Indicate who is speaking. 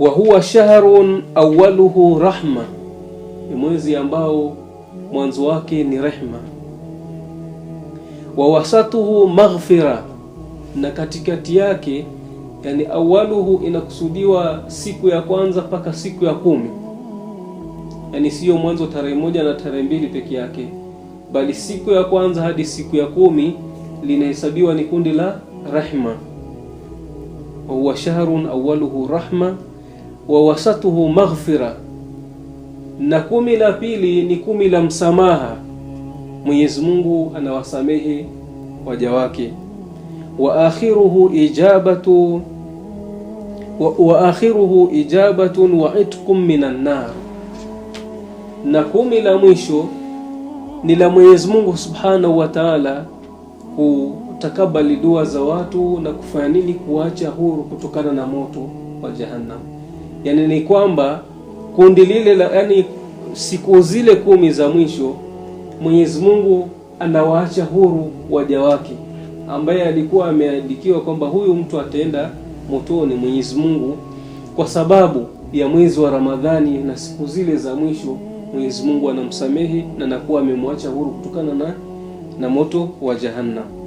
Speaker 1: wa huwa shahrun awwaluhu rahma, ni mwezi ambao mwanzo wake ni rehma. Wa wasatuhu maghfira, na katikati yake yani awaluhu inakusudiwa siku ya kwanza mpaka siku ya kumi, yani siyo mwanzo tarehe moja na tarehe mbili peke yake, bali siku ya kwanza hadi siku ya kumi linahesabiwa ni kundi la rahma. Wa huwa shahrun awwaluhu rahma wa wasatuhu maghfira, na kumi la pili ni kumi la msamaha. Mwenyezi Mungu anawasamehe waja wake. wa akhiruhu ijabatu wa, wa akhiruhu ijabatun wa itqum minan nar, na kumi la mwisho ni la Mwenyezi Mungu Subhanahu wa Ta'ala kutakabali dua za watu na kufanya nini, kuacha huru kutokana na moto wa Jahannam yani ni kwamba kundi lile la, yani siku zile kumi za mwisho Mwenyezi Mungu anawaacha huru waja wake, ambaye alikuwa ameandikiwa kwamba huyu mtu ataenda motoni. Mwenyezi Mungu kwa sababu ya mwezi wa Ramadhani na siku zile za mwisho, Mwenyezi Mungu anamsamehe na nakuwa amemwacha huru kutokana na na moto wa Jahannam.